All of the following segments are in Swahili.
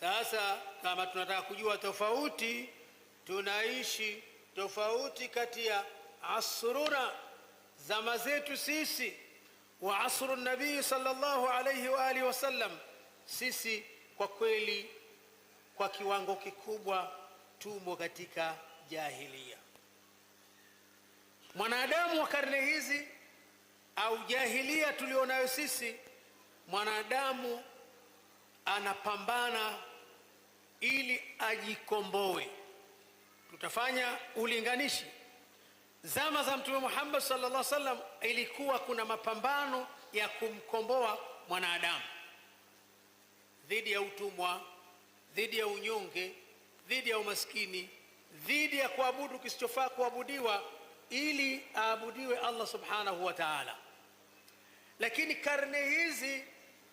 Sasa kama tunataka kujua tofauti, tunaishi tofauti kati ya asruna, zama zetu sisi, wa asru nabii sallallahu alayhi wa alihi wasallam. Sisi kwa kweli, kwa kiwango kikubwa tumo katika jahilia. Mwanadamu wa karne hizi au jahilia tulionayo sisi, mwanadamu anapambana ili ajikomboe. Tutafanya ulinganishi. Zama za Mtume Muhammad sallallahu alaihi wasallam, ilikuwa kuna mapambano ya kumkomboa mwanadamu dhidi ya utumwa, dhidi ya unyonge, dhidi ya umaskini, dhidi ya kuabudu kisichofaa kuabudiwa, ili aabudiwe Allah subhanahu wa ta'ala. Lakini karne hizi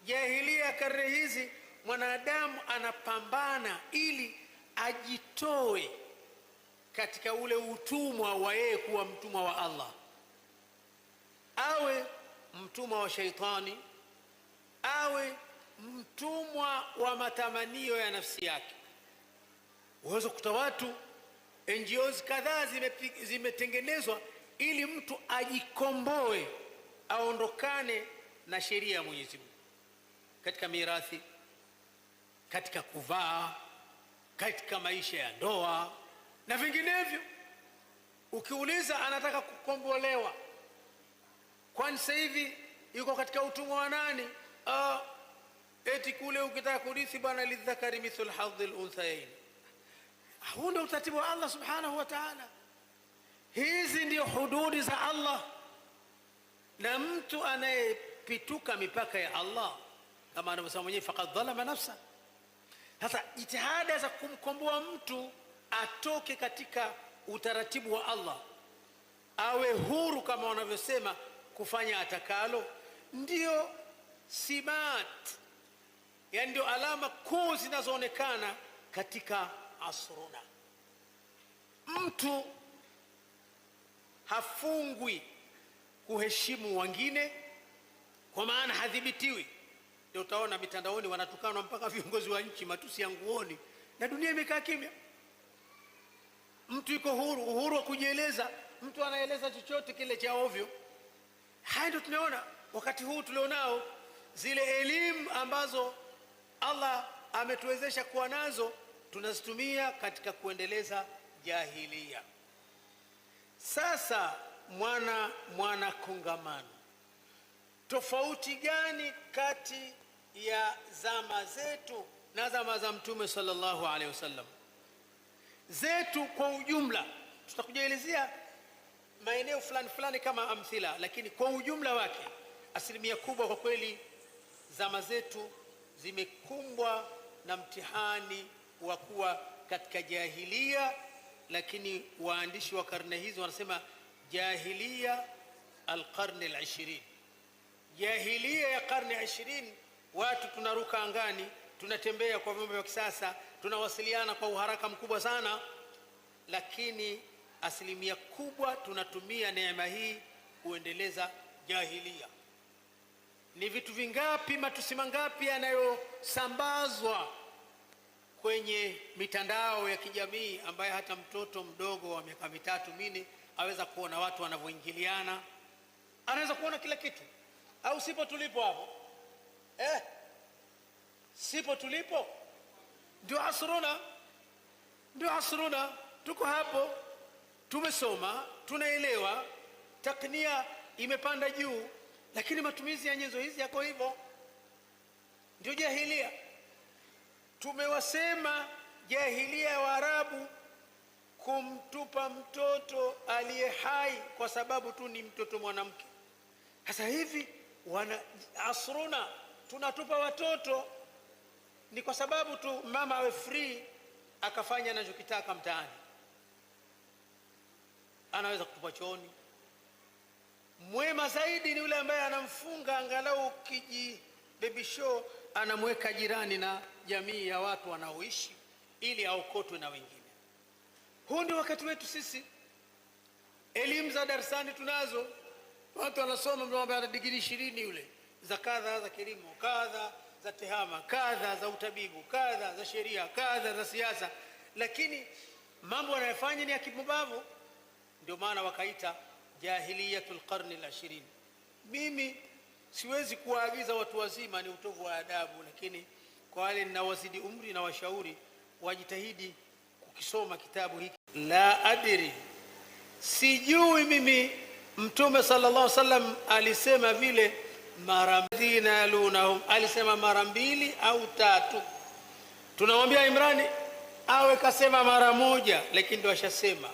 jahilia, karne hizi mwanadamu anapambana ili ajitoe katika ule utumwa wa yeye kuwa mtumwa wa Allah, awe mtumwa wa sheitani, awe mtumwa wa matamanio ya nafsi yake. Waweza kukuta watu NGOs kadhaa zimetengenezwa zime ili mtu ajikomboe, aondokane na sheria ya Mwenyezi Mungu katika mirathi katika kuvaa, katika maisha ya ndoa na vinginevyo. Ukiuliza anataka kukombolewa, kwani sasa hivi yuko katika utumwa wa nani? Ah, eti kule ukitaka kurithi bwana, lidhakari mithlu hadhil lunthayain Huu ndio utaratibu wa Allah subhanahu wa taala. Hizi ndio hududi za Allah, na mtu anayepituka mipaka ya Allah kama anavyosema mwenyewe, faqad dhalama nafsa sasa jitihada za kumkomboa mtu atoke katika utaratibu wa Allah, awe huru kama wanavyosema kufanya atakalo, ndio simat, yani ndio alama kuu zinazoonekana katika asruna. Mtu hafungwi kuheshimu wengine, kwa maana hadhibitiwi ndio utaona mitandaoni wanatukanwa mpaka viongozi wa nchi, matusi ya nguoni, na dunia imekaa kimya. Mtu yuko huru, uhuru wa kujieleza, mtu anaeleza chochote kile cha ovyo. Haya ndio tunaona wakati huu tulionao, zile elimu ambazo Allah ametuwezesha kuwa nazo tunazitumia katika kuendeleza jahilia. Sasa mwana mwana kongamano, tofauti gani kati ya zama zetu na zama za Mtume sallallahu alaihi wasallam zetu kwa ujumla. Tutakujaelezea maeneo fulani fulani kama amthila, lakini kwa ujumla wake asilimia kubwa kwa kweli zama zetu zimekumbwa na mtihani wa kuwa katika jahilia, lakini waandishi wa karne hizi wanasema jahilia alqarni lishirin jahilia ya karne ishirini watu tunaruka angani, tunatembea kwa vyombo vya kisasa, tunawasiliana kwa uharaka mkubwa sana, lakini asilimia kubwa tunatumia neema hii kuendeleza jahilia. Ni vitu vingapi, matusi mangapi yanayosambazwa kwenye mitandao ya kijamii ambaye hata mtoto mdogo wa miaka mitatu mine aweza kuona watu wanavyoingiliana, anaweza kuona kila kitu, au sipo tulipo hapo eh, sipo tulipo, ndio asruna, ndio asruna, tuko hapo, tumesoma tunaelewa, taknia imepanda juu, lakini matumizi ya nyenzo hizi yako hivyo, ndio jahilia. Tumewasema jahilia ya Waarabu kumtupa mtoto aliye hai kwa sababu tu ni mtoto mwanamke. Sasa hivi wana asruna tunatupa watoto ni kwa sababu tu mama awe free akafanya anachokitaka mtaani. Anaweza kutupa chooni. Mwema zaidi ni yule ambaye anamfunga angalau kiji baby show, anamweka jirani na jamii ya watu wanaoishi, ili aokotwe na wengine. Huu ndio wakati wetu sisi. Elimu za darasani tunazo, watu wanasoma, mtu ana digrii ishirini yule za kadha za kilimo, kadha za tehama, kadha za utabibu, kadha za sheria, kadha za siasa, lakini mambo wanayofanya ni ya Ndio maana wakaita jahiliyatul qarni al-ishirini. Mimi siwezi kuwaagiza watu wazima, ni utovu wa adabu, lakini kwa wale ninawazidi umri na washauri wajitahidi kukisoma kitabu hiki. La adri, sijui mimi Mtume sallallahu alaihi wasallam alisema vile mara dhina lunahum, alisema mara mbili au tatu. Tunamwambia Imrani awe kasema mara moja, lakini ndo ashasema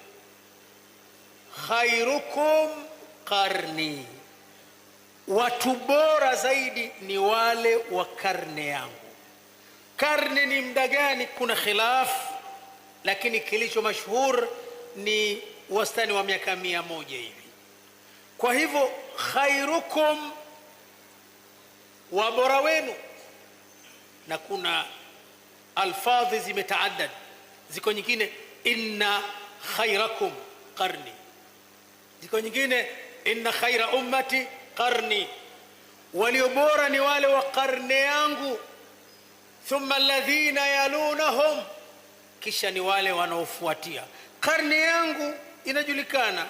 khairukum qarni, watu bora zaidi ni wale wa karne yangu. Karne ni mda gani? Kuna khilafu, lakini kilicho mashhur ni wastani wa miaka mia moja hivi. Kwa hivyo khairukum wabora wenu, na kuna alfadhi zimetaadad, ziko nyingine inna khairakum qarni, ziko nyingine inna khaira ummati qarni, walio bora ni wale wa karne yangu. Thumma alladhina yalunahum, kisha ni wale wanaofuatia karne yangu. Inajulikana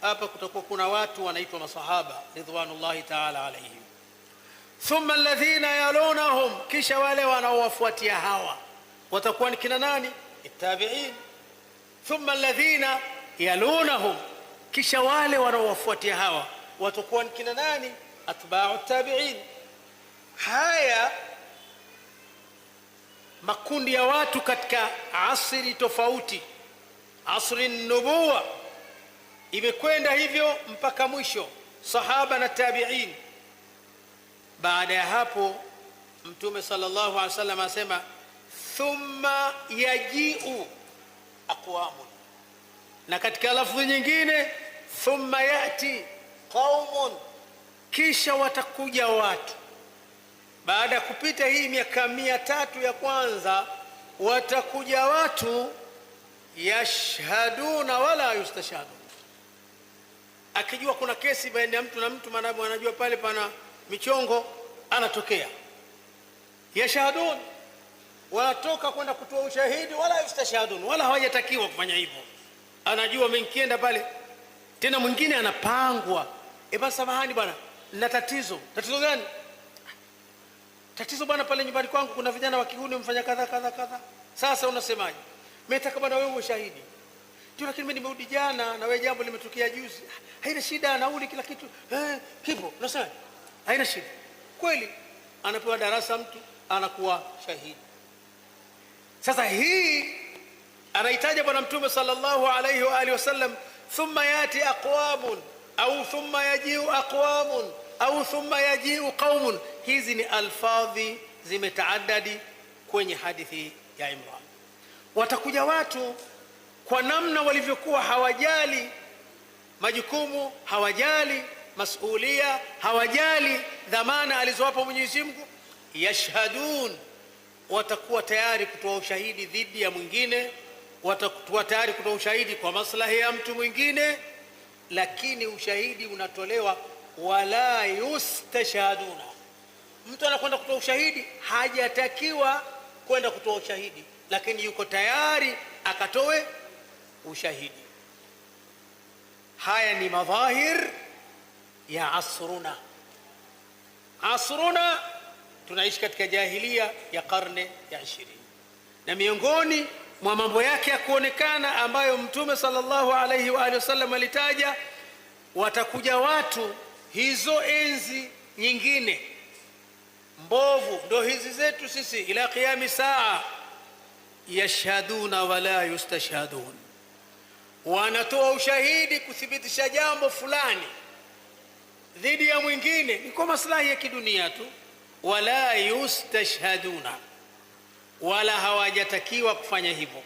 hapa kutakuwa kuna watu wanaitwa masahaba ridwanullahi taala alaihim thumma alladhina yalunahum, kisha wale wanaowafuatia hawa watakuwa ni kina nani? Tabiin. Thumma alladhina yalunahum, kisha wale wanaowafuatia hawa watakuwa ni kina nani? Atbau tabiin. Haya makundi ya watu katika asri tofauti. Asri nubuwa imekwenda hivyo mpaka mwisho, sahaba na tabiin baada ya hapo Mtume sallallahu alaihi wasallam asema, thumma yajiu aqwamun, na katika lafdhi nyingine thumma yati qaumun, kisha watakuja watu. Baada ya kupita hii miaka mia tatu ya kwanza, watakuja watu yashhaduna wala yustashhaduna akijua kuna kesi baina ya mtu na mtu, maana anajua pale pana michongo anatokea yashahadun, wanatoka kwenda kutoa ushahidi, wala yustashahadun, wala hawajatakiwa kufanya hivyo. Anajua mkienda pale tena, mwingine anapangwa, eba samahani bwana, na tatizo. Tatizo gani? Tatizo bwana, pale nyumbani kwangu kuna vijana wa kihuni wamfanya kadha kadha kadha. Sasa unasemaje? Mimi nataka bwana, wewe ushahidi ndio, lakini mimi nimerudi jana na wewe jambo limetokea juzi. Haina shida, nauli kila kitu eh, kipo unasema haina shida. Kweli anapewa darasa, mtu anakuwa shahidi. Sasa hii anaitaja Bwana Mtume sallallahu alayhi wa alihi wasallam, thumma yati aqwamun au thumma yajiu aqwamun au thumma yajiu qaumun. Hizi ni alfadhi zimetaadadi kwenye hadithi ya Imran. Watakuja watu kwa namna walivyokuwa hawajali majukumu, hawajali masulia, hawajali dhamana alizowapa Mwenyezi Mungu. Yashhadun, watakuwa tayari kutoa ushahidi dhidi ya mwingine, watakuwa tayari kutoa ushahidi kwa maslahi ya mtu mwingine, lakini ushahidi unatolewa wala yustashhaduna. Mtu anakwenda kutoa ushahidi, hajatakiwa kwenda kutoa ushahidi, lakini yuko tayari akatoe ushahidi. Haya ni madhahir ya asruna. Asruna tunaishi katika jahilia ya karne ya ishirini, na miongoni mwa mambo yake ya kuonekana ambayo Mtume sallallahu alaihi wa alihi wasallam alitaja, watakuja watu hizo enzi nyingine mbovu, ndo hizi zetu sisi, ila qiami saa, yashhaduna wala yustashhadun, wanatoa ushahidi kuthibitisha jambo fulani dhidi ya mwingine ni kwa maslahi ya kidunia tu. Wala yustashhaduna, wala hawajatakiwa kufanya hivyo.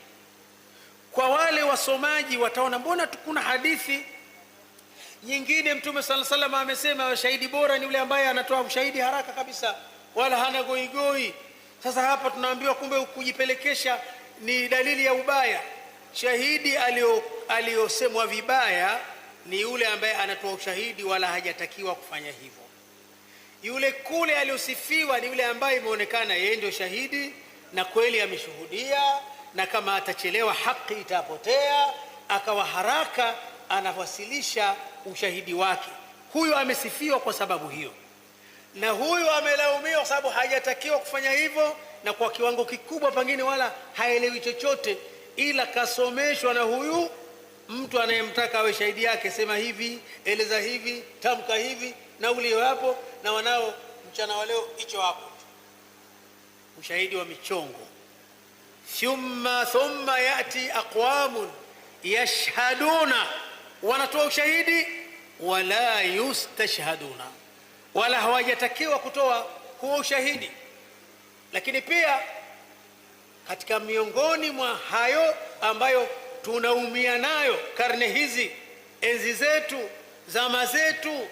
Kwa wale wasomaji wataona, mbona kuna hadithi nyingine Mtume sala salama amesema shahidi bora ni yule ambaye anatoa ushahidi haraka kabisa, wala hana goigoi. Sasa hapa tunaambiwa kumbe kujipelekesha ni dalili ya ubaya. Shahidi aliyosemwa vibaya ni yule ambaye anatoa ushahidi wala hajatakiwa kufanya hivyo. Yule kule aliyosifiwa ni yule ambaye imeonekana yeye ndio shahidi na kweli ameshuhudia, na kama atachelewa haki itapotea, akawa haraka anawasilisha ushahidi wake. Huyo amesifiwa kwa sababu hiyo, na huyu amelaumiwa kwa sababu hajatakiwa kufanya hivyo, na kwa kiwango kikubwa pengine wala haelewi chochote, ila kasomeshwa na huyu mtu anayemtaka awe shahidi yake, sema hivi, eleza hivi, tamka hivi, na ulio hapo na wanao mchana wa leo, hicho hapo, ushahidi wa michongo. Thumma thumma yati aqwamun yashhaduna, wanatoa ushahidi, wala yustashhaduna, wala hawajatakiwa kutoa huo ushahidi. Lakini pia katika miongoni mwa hayo ambayo tunaumia nayo karne hizi, enzi zetu, zama zetu.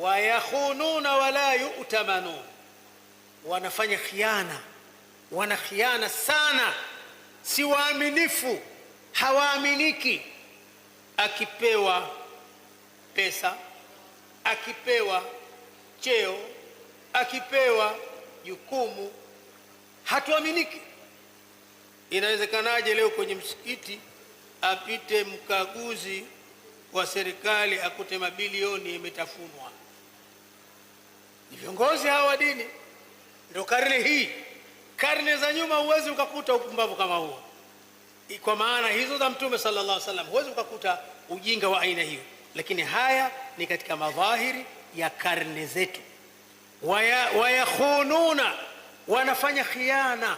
Wayakhununa wala yutamanun, wanafanya khiana, wana khiana sana, si waaminifu, hawaaminiki. Akipewa pesa, akipewa cheo, akipewa jukumu, hatuaminiki. Inawezekanaje leo kwenye msikiti apite mkaguzi wa serikali akute mabilioni imetafunwa? Ni viongozi hawa wa dini. Ndio karne hii. Karne za nyuma huwezi ukakuta upumbavu kama huo, kwa maana hizo za Mtume sallallahu alaihi wasallam, huwezi ukakuta ujinga wa aina hiyo. Lakini haya ni katika madhahiri ya karne zetu. Wayakhununa, waya wanafanya khiana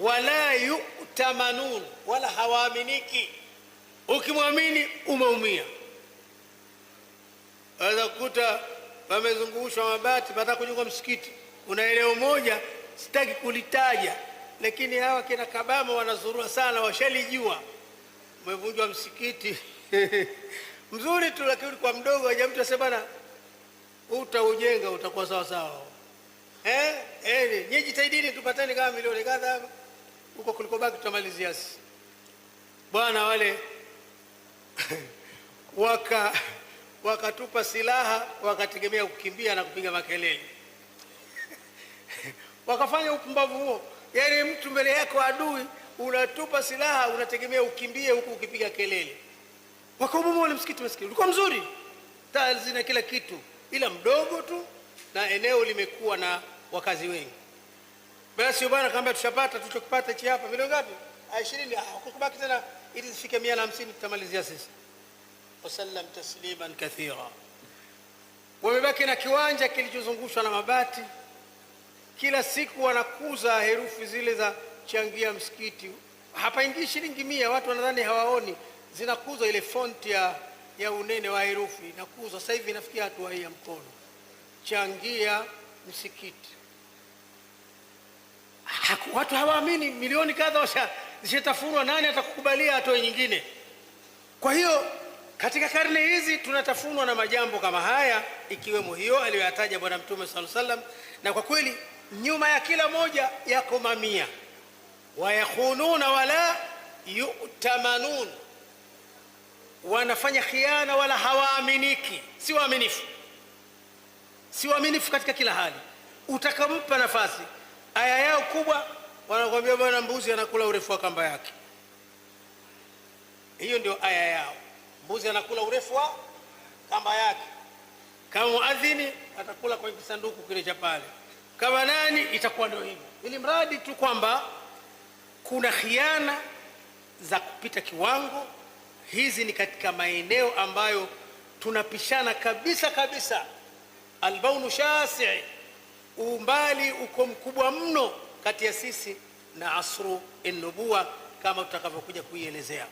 wala yutamanun, wala hawaaminiki. Ukimwamini umeumia. Waweza kukuta pamezungushwa mabati, pataka kujengwa msikiti. Kuna eneo moja sitaki kulitaja, lakini hawa kina Kabama wanazurua sana, washalijua umevunjwa msikiti mzuri tu, lakini kwa mdogo aja mtu asema utaujenga utakuwa sawasawa. Eh, eh, nyinyi jitahidini tupateni kama milioni kadhaa huko kulikobaki tutamalizia. Bwana wale waka wakatupa silaha wakategemea kukimbia na kupiga makelele wakafanya upumbavu huo. Yani mtu mbele yako adui, unatupa silaha, unategemea ukimbie huku ukipiga kelele. Wakabomoa ule msikiti. msikiti ulikuwa mzuri, taa zina kila kitu, ila mdogo tu, na eneo limekuwa na wakazi wengi. Basi bwana kaambia tushapata tulichokipata hichi hapa. Milioni ngapi? 20. Ah, ah, Hakukubaki tena ili zifike 150 tutamalizia sisi. Wasallam tasliman kathira. Wamebaki na kiwanja kilichozungushwa na mabati. Kila siku wanakuza herufi zile za changia msikiti. Hapaingii shilingi mia, watu wanadhani hawaoni. Zinakuza ile fonti ya, ya unene wa herufi inakuza. Sasa hivi inafikia hatua hii ya mkono, changia msikiti watu hawaamini, milioni kadha zishatafunwa, nani atakukubalia atoe nyingine? Kwa hiyo katika karne hizi tunatafunwa na majambo kama haya, ikiwemo hiyo aliyoyataja Bwana Mtume sallallahu salam na kwa kweli nyuma ya kila moja yako mamia. Wayakhununa wala yutamanun, wanafanya khiana wala hawaaminiki, si waaminifu, si waaminifu katika kila hali. Utakampa nafasi aya yao kubwa wanakwambia bwana, mbuzi anakula urefu wa kamba yake. Hiyo ndio aya yao, mbuzi anakula urefu wa kamba yake. Kama muadhini atakula kwa kisanduku kile cha pale, kama nani, itakuwa ndio hivyo, ili mradi tu kwamba kuna khiana za kupita kiwango. Hizi ni katika maeneo ambayo tunapishana kabisa kabisa, albaunu shasii umbali uko mkubwa mno kati ya sisi na asru nubuwa kama tutakavyokuja kuielezea.